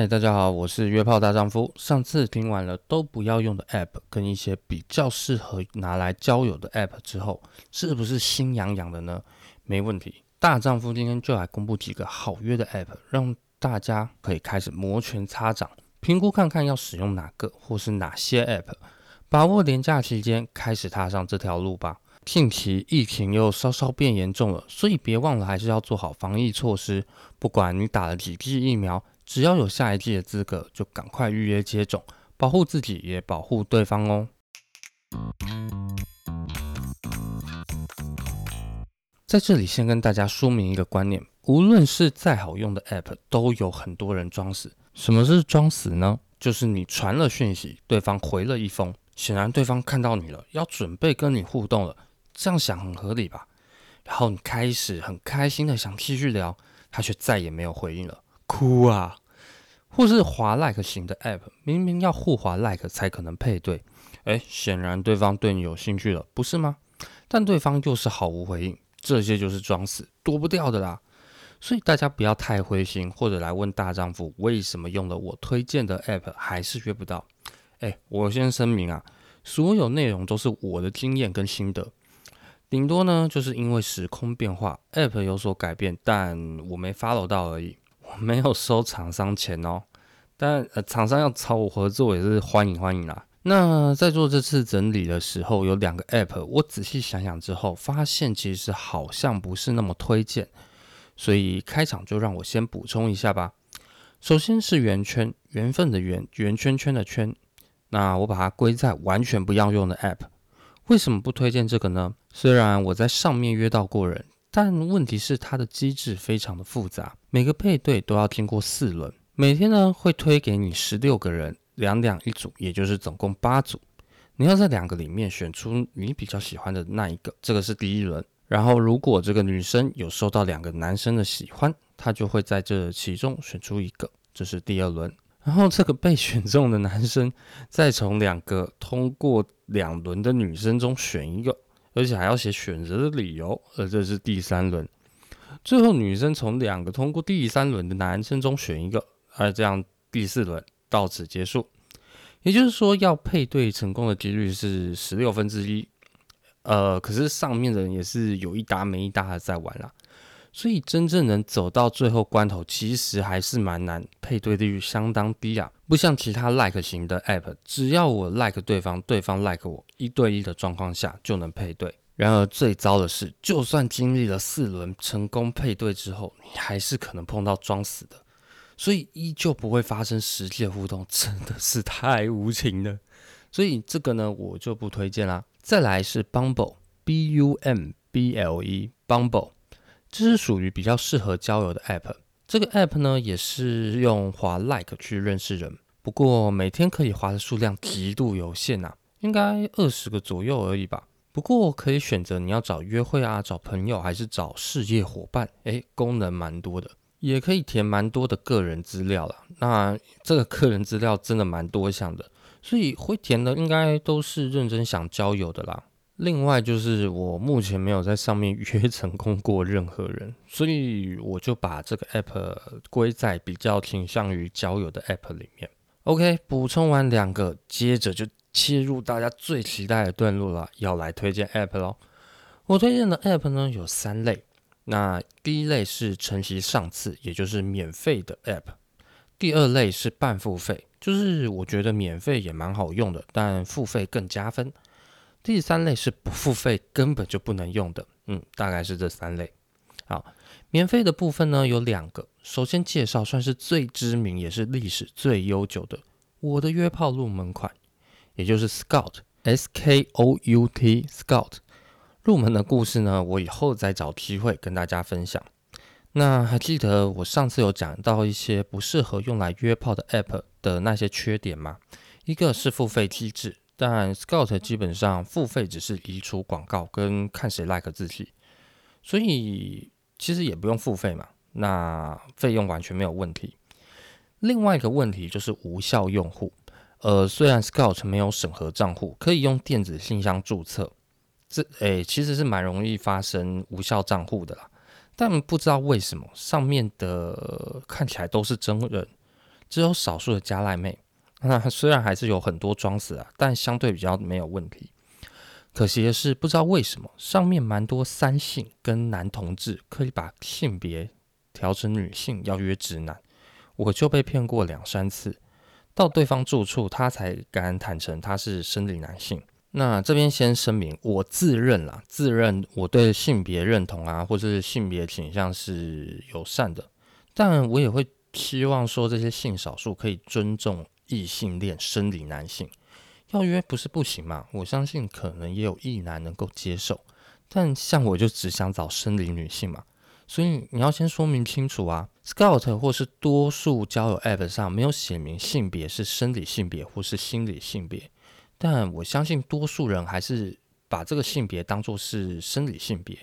嗨，大家好，我是約炮大丈夫。上次聽完了都不要用的 App 跟一些比較適合拿來交友的 App 之後，是不是心癢癢的呢？沒問題，大丈夫今天就來公布幾個好約的 App，讓大家可以開始摩拳擦掌，評估看看要使用哪個或是哪些 App，把握年假期間開始踏上這條路吧。近期疫情又稍稍變嚴重了，所以別忘了還是要做好防疫措施。不管你打了幾劑疫苗。只要有下一季的資格，就趕快預約接種，保護自己也保護對方哦。在這裡先跟大家說明一個觀念：無論是再好用的 App，都有很多人裝死。什麼是裝死呢？就是你傳了訊息，對方回了一封，顯然對方看到你了，要準備跟你互動了，這樣想很合理吧？然後你開始很開心的想繼續聊，他卻再也沒有回應了，哭啊！或是滑 like 型的 app，明明要互滑 like 才可能配對，誒，顯然對方對你有興趣了，不是嗎？但對方就是毫無回應，這些就是裝死躲不掉的啦。所以大家不要太灰心，或者來問大丈夫為什麼用了我推薦的 app 還是約不到？誒，我先聲明啊，所有內容都是我的經驗跟心得，頂多呢就是因為時空變化，app 有所改變，但我沒 follow 到而已。我沒有收廠商錢哦，但呃，廠商要找我合作也是歡迎歡迎啦。那在做這次整理的時候，有兩個 app，我仔細想想之後，發現其實好像不是那麼推薦，所以開場就讓我先補充一下吧。首先是圓圈，緣分的圓，圓圈圈的圈，那我把它歸在完全不要用的 app。為什麼不推薦這個呢？雖然我在上面約到過人。但問題是，它的機制非常的複雜，每個配對都要經過四輪。每天呢，會推給你十六個人，兩兩一組，也就是總共八組。你要在兩個裡面選出你比較喜歡的那一個，這個是第一輪。然後，如果這個女生有收到兩個男生的喜歡，她就會在這其中選出一個，這是第二輪。然後，這個被選中的男生再從兩個通過兩輪的女生中選一個。而且還要寫選擇的理由，而這是第三輪。最後，女生從兩個通過第三輪的男生中選一個，而這樣第四輪到此結束。也就是說，要配對成功的幾率是十六分之一。呃，可是上面的人也是有一搭沒一搭的在玩了啊。所以真正能走到最後關頭，其實還是蠻難，配對率相當低啊。不像其他 like 型的 app，只要我 like 對方，對方 like 我，一對一的狀況下就能配對。然而最糟的是，就算經歷了四輪成功配對之後，你還是可能碰到裝死的，所以依舊不會發生實際的互動，真的是太無情了。所以這個呢，我就不推薦啦。再來是 Bumble，B-U-M-B-L-E，Bumble。U M B L e, B 這是屬於比較適合交友的 App，這個 App 呢也是用滑 Like 去認識人，不過每天可以滑的數量極度有限吶、啊，應該二十個左右而已吧。不過可以選擇你要找約會啊、找朋友還是找事業夥伴，誒，功能蠻多的，也可以填蠻多的個人資料啦。那這個個人資料真的蠻多項的，所以會填的應該都是認真想交友的啦。另外就是我目前沒有在上面約成功過任何人，所以我就把這個 app 歸在比較傾向於交友的 app 裡面。OK，補充完兩個，接着就切入大家最期待的段落了，要來推薦 app 咯。我推薦的 app 呢有三類，那第一類是承襲上次，也就是免費的 app；第二類是半付費，就是我覺得免費也蠻好用的，但付費更加分。第三類是不付費根本就不能用的，嗯，大概是這三類。好，免費的部分呢有兩個，首先介紹算是最知名也是歷史最悠久的我的約炮入門款，也就是 Skout S K O U T Skout。入門的故事呢，我以後再找機會跟大家分享。那還記得我上次有講到一些不適合用來約炮的 App 的那些缺點嗎？一個是付費機制。但 Skout 基本上付費只是移除廣告跟看誰 like 自己，所以其實也不用付費嘛，那費用完全沒有問題。另外一個問題就是無效用戶，呃，雖然 Skout 沒有審核賬戶，可以用電子信箱注冊，這誒、欸、其實是蠻容易發生無效賬戶的啦。但不知道為什麼上面的、呃、看起來都是真人，只有少數的加賴妹。那、啊、雖然還是有很多裝死啊，但相對比較沒有問題。可惜的是，不知道為什麼，上面蠻多三性跟男同志可以把性別調成女性，邀約直男，我就被騙過兩三次。到對方住處，他才敢坦承他是生理男性。那這邊先聲明，我自認啦，自認我對性別認同啊，或者是性別傾向是友善的，但我也會希望說，這些性少數可以尊重。異性戀生理男性要約不是不行嗎？我相信可能也有異男能夠接受，但像我就只想找生理女性嘛，所以你要先說明清楚啊。Skout 或是多數交友 App 上沒有寫明性別是生理性別或是心理性別，但我相信多數人還是把這個性別當作是生理性別，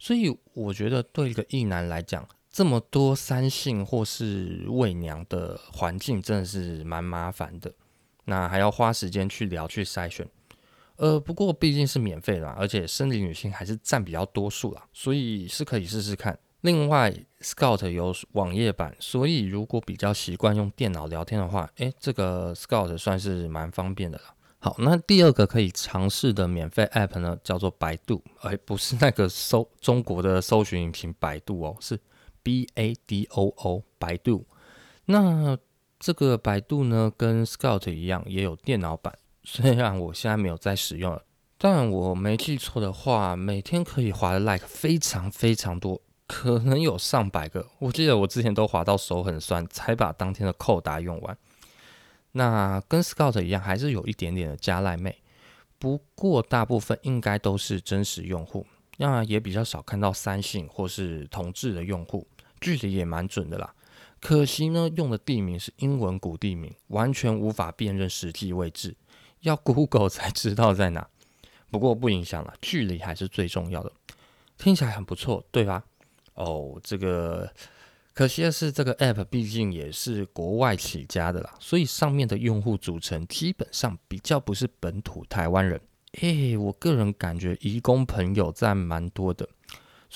所以我覺得對一個異男來講。這麼多三性或是偽娘的環境真的是蠻麻煩的，那還要花時間去聊、去篩選。呃，不過畢竟是免費的啦，而且生理女性還是佔比較多數啦，所以是可以試試看。另外，Skout 有網頁版，所以如果比較習慣用電腦聊天的話，誒、欸，這個 Skout 算是蠻方便的了。好，那第二個可以嘗試的免費 App 呢，叫做 Badoo，誒、欸，不是那個搜中國的搜尋引擎百度哦，是。B A D O O Badoo，那這個 Badoo 呢，跟 Skout 一樣，也有電腦版。雖然我現在沒有在使用，但我沒記錯的話，每天可以滑的 like 非常非常多，可能有上百個。我記得我之前都滑到手很痠，才把當天的扣打用完。那跟 Skout 一樣，還是有一點點的加賴妹，不過大部分應該都是真實用戶，那也比較少看到三性或是同志的用戶。距離也蠻準的啦，可惜呢，用的地名是英文古地名，完全無法辨認實際位置，要 Google 才知道在哪。不過不影響了，距離還是最重要的，聽起來很不錯，對吧？哦，這個可惜的是，這個 App 畢竟也是國外起家的啦，所以上面的用戶組成基本上比較不是本土台灣人。哎、欸，我個人感覺移工朋友佔蠻多的。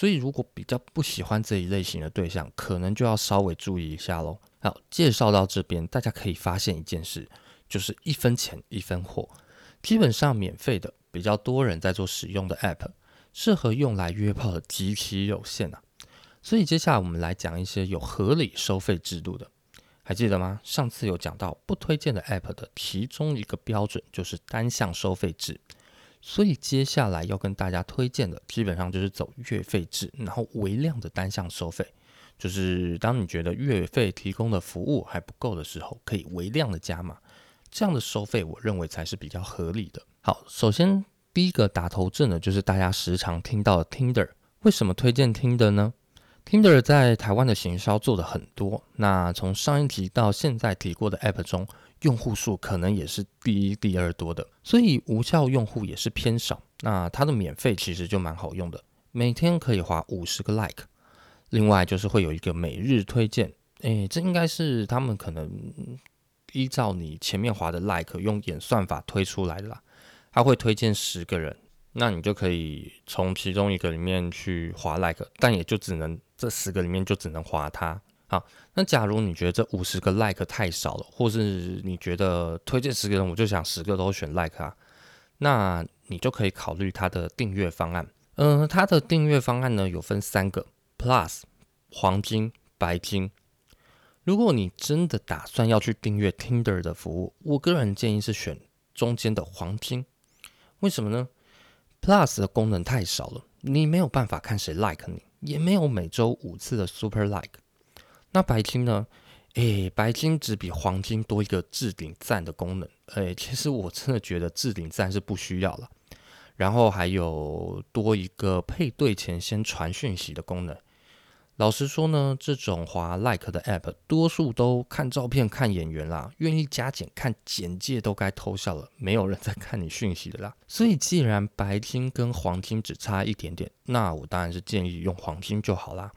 所以，如果比較不喜歡這一類型的對象，可能就要稍微注意一下嘍。好，介紹到這邊，大家可以發現一件事，就是一分錢一分貨，基本上免費的比較多人在做使用的 App，適合用來約炮的極其有限啊。所以接下來我們來講一些有合理收費制度的，還記得嗎？上次有講到不推薦的 App 的其中一個標準就是單向收費制。所以接下來要跟大家推薦的，基本上就是走月費制，然後微量的單項收費，就是當你覺得月費提供的服務還不夠的時候，可以微量的加碼，這樣的收費我認為才是比較合理的。好，首先第一個打頭陣的就是大家時常聽到的 Tinder，為什麼推薦 Tinder 呢？Tinder 在台灣的行銷做得很多，那從上一集到現在提過的 App 中。用戶數可能也是第一、第二多的，所以無效用戶也是偏少。那它的免費其實就蠻好用的，每天可以劃五十個 like。另外就是會有一個每日推薦，哎，這應該是他們可能依照你前面劃的 like 用演算法推出來的啦，它會推薦十個人，那你就可以從其中一個裡面去劃 like，但也就只能這十個裡面就只能劃它。好，那假如你覺得這五十個 like 太少了，或是你覺得推薦十個人，我就想十個都選 like 啊，那你就可以考慮它的訂閱方案。嗯、呃，它的訂閱方案呢有分三個：Plus、黃金、白金。如果你真的打算要去訂閱 Tinder 的服務，我個人建議是選中間的黃金。為什麼呢？Plus 的功能太少了，你沒有辦法看誰 like 你，也沒有每周五次的 Super Like。那白金呢？誒，白金只比黃金多一個置頂讚的功能。誒，其實我真的覺得置頂讚是不需要了。然後還有多一個配對前先傳訊息的功能。老實說呢，這種滑 like 的 app，多數都看照片、看眼緣啦，願意加減看簡介都該偷笑了，沒有人在看你訊息的啦。所以既然白金跟黃金只差一點點，那我當然是建議用黃金就好啦。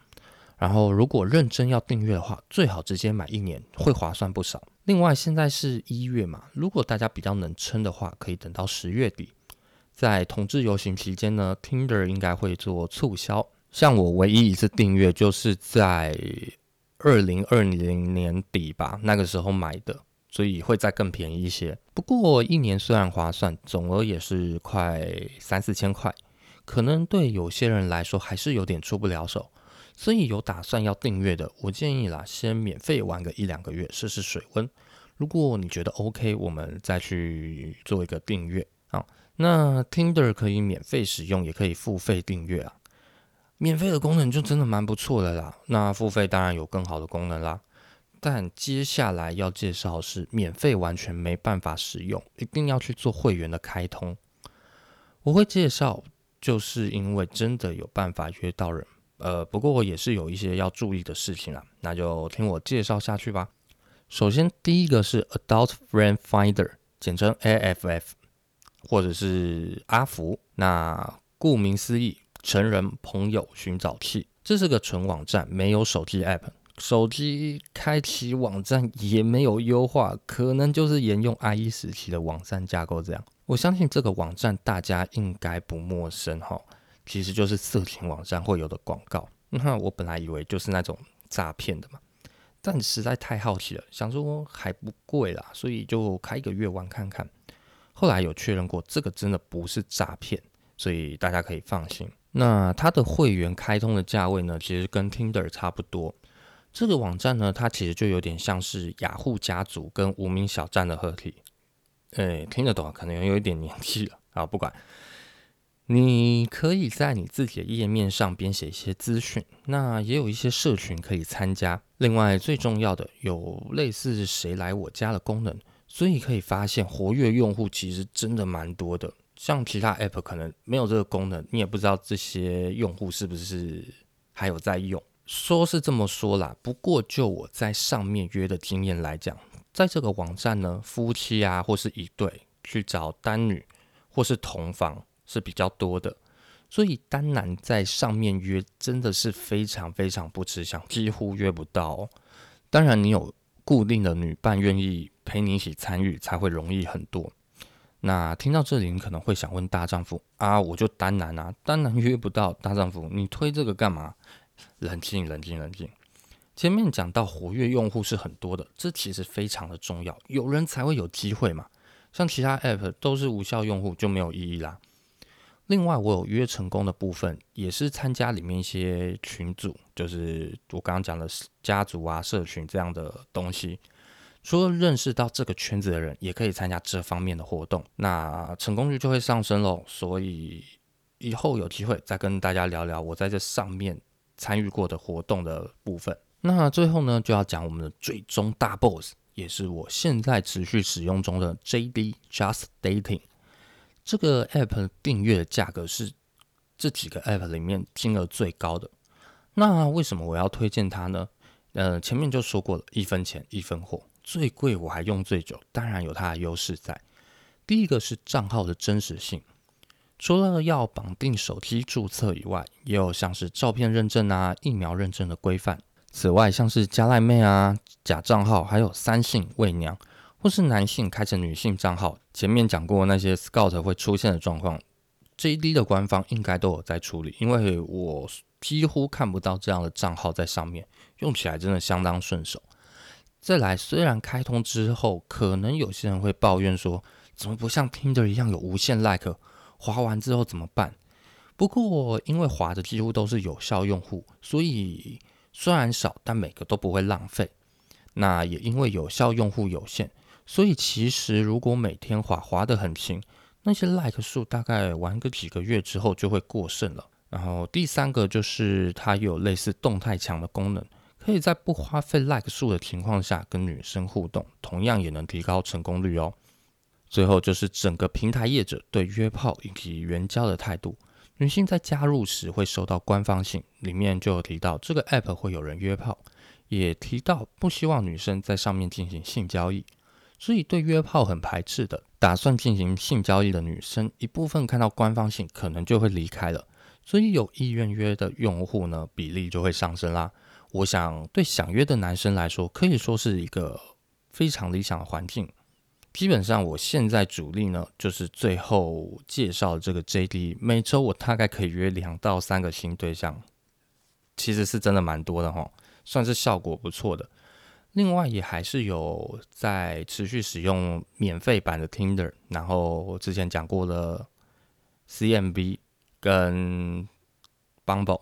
然後，如果認真要訂閱的話，最好直接買一年，會划算不少。另外，現在是一月嘛，如果大家比較能撐的話，可以等到十月底。在同志遊行期間呢，Tinder 應該會做促銷。像我唯一一次訂閱就是在二零二零年底吧，那個時候買的，所以會再更便宜一些。不過一年雖然划算，總額也是快三四千塊，可能對有些人來說還是有點出不了手。所以有打算要訂閱的，我建議啦，先免費玩個一兩個月，試試水溫。如果你覺得 OK，我們再去做一個訂閱。啊，那 Tinder 可以免費使用，也可以付費訂閱啊。免費的功能就真的蠻不錯的啦。那付費當然有更好的功能啦。但接下來要介紹是免費，完全沒辦法使用，一定要去做會員的開通。我會介紹，就是因為真的有辦法約到人。呃，不過也是有一些要注意的事情了啊，那就聽我介紹下去吧。首先，第一個是 Adult Friend Finder，簡稱 AFF，或者是阿福。那顧名思義，成人朋友尋找器，這是個純網站，沒有手機 app。手機開啟網站也沒有優化，可能就是沿用 IE 時期的網站架構這樣。我相信這個網站大家應該不陌生哈。其實就是色情網站會有的廣告，那我本來以為就是那種詐騙的嘛，但實在太好奇了，想說還不貴啦，所以就開一個月玩看看。後來有確認過，這個真的不是詐騙，所以大家可以放心。那它的會員開通的價位呢，其實跟 Tinder 差不多。這個網站呢，它其實就有點像是雅虎家族跟無名小站的合體。誒、欸，聽得懂，可能有一點年紀了啊，不管。你可以在你自己的頁面上編寫一些資訊，那也有一些社群可以參加。另外最重要的有類似“誰來我家”的功能，所以可以發現活躍用戶其實真的蠻多的。像其他 app 可能沒有這個功能，你也不知道這些用戶是不是還有在用。說是這麼說啦，不過就我在上面約的經驗來講，在這個網站呢，夫妻啊或是一對去找單女或是同房。是比較多的，所以單男在上面約真的是非常非常不吃香，幾乎約不到哦。當然，你有固定的女伴願意陪你一起參與，才會容易很多。那聽到這裡，你可能會想問：“大丈夫啊，我就單男啊，單男約不到，大丈夫你推這個幹嘛？”冷靜，冷靜，冷靜。前面講到活躍用戶是很多的，這其實非常的重要，有人才會有機會嘛。像其他 app 都是無效用戶，就沒有意義啦。另外，我有約成功的部分，也是參加裡面一些群組，就是我剛剛講的家族啊、社群這樣的東西，除了認識到這個圈子的人，也可以參加這方面的活動，那成功率就會上升嘍。所以以後有機會再跟大家聊聊我在這上面參與過的活動的部分。那最後呢，就要講我們的最終大 boss，也是我現在持續使用中的 JD Just Dating。這個 app 訂閱的價格是這幾個 app 裡面金額最高的。那為什麼我要推薦它呢？呃，前面就說過了，一分錢一分貨，最貴我還用最久，當然有它的優勢在。第一個是賬號的真實性，除了要綁定手機註冊以外，也有像是照片認證啊、疫苗認證的規範。此外，像是加賴妹啊、假賬號，還有三性偽娘，或是男性開成女性賬號，前面講過那些 Skout 會出現的狀況，JD 的官方應該都有在處理，因為我幾乎看不到這樣的賬號在上面，用起來真的相當順手。再來，雖然開通之後，可能有些人會抱怨說，怎麼不像 Tinder 一樣有無限 like，劃完之後怎麼辦？不過因為劃的幾乎都是有效用戶，所以雖然少，但每個都不會浪費。那也因為有效用戶有限。所以其實，如果每天滑滑得很勤，那些 like 數大概玩個幾個月之後就會過剩了。然後第三個就是它有類似動態牆的功能，可以在不花費 like 數的情況下跟女生互動，同樣也能提高成功率哦。最後就是整個平台業者對約炮以及援交的態度，女性在加入時會收到官方信，裡面就有提到這個 app 會有人約炮，也提到不希望女生在上面進行性交易。所以對約炮很排斥的，打算進行性交易的女生，一部分看到官方性可能就會離開了。所以有意願約的用戶呢，比例就會上升啦。我想對想約的男生來說，可以說是一個非常理想的環境。基本上我現在主力呢，就是最後介紹這個 JD，每周我大概可以約兩到三個新對象，其實是真的蠻多的吼，算是效果不錯的。另外也還是有在持續使用免費版的 Tinder，然後我之前講過的 CMB 跟 Bumble，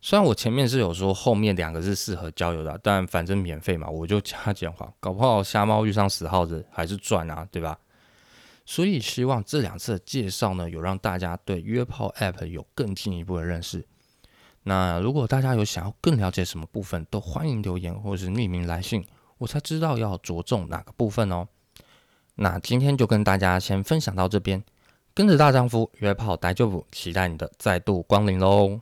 雖然我前面是有說後面兩個是適合交友的，但反正免費嘛，我就加減滑，搞不好瞎貓遇上死耗子還是賺啊，對吧？所以希望這兩次的介紹呢，有讓大家對約炮 App 有更進一步的認識。那如果大家有想要更了解什麼部分，都歡迎留言或是匿名來信，我才知道要着重哪個部分哦。那今天就跟大家先分享到這邊，跟着大丈夫約炮大丈夫，期待你的再度光臨嘍。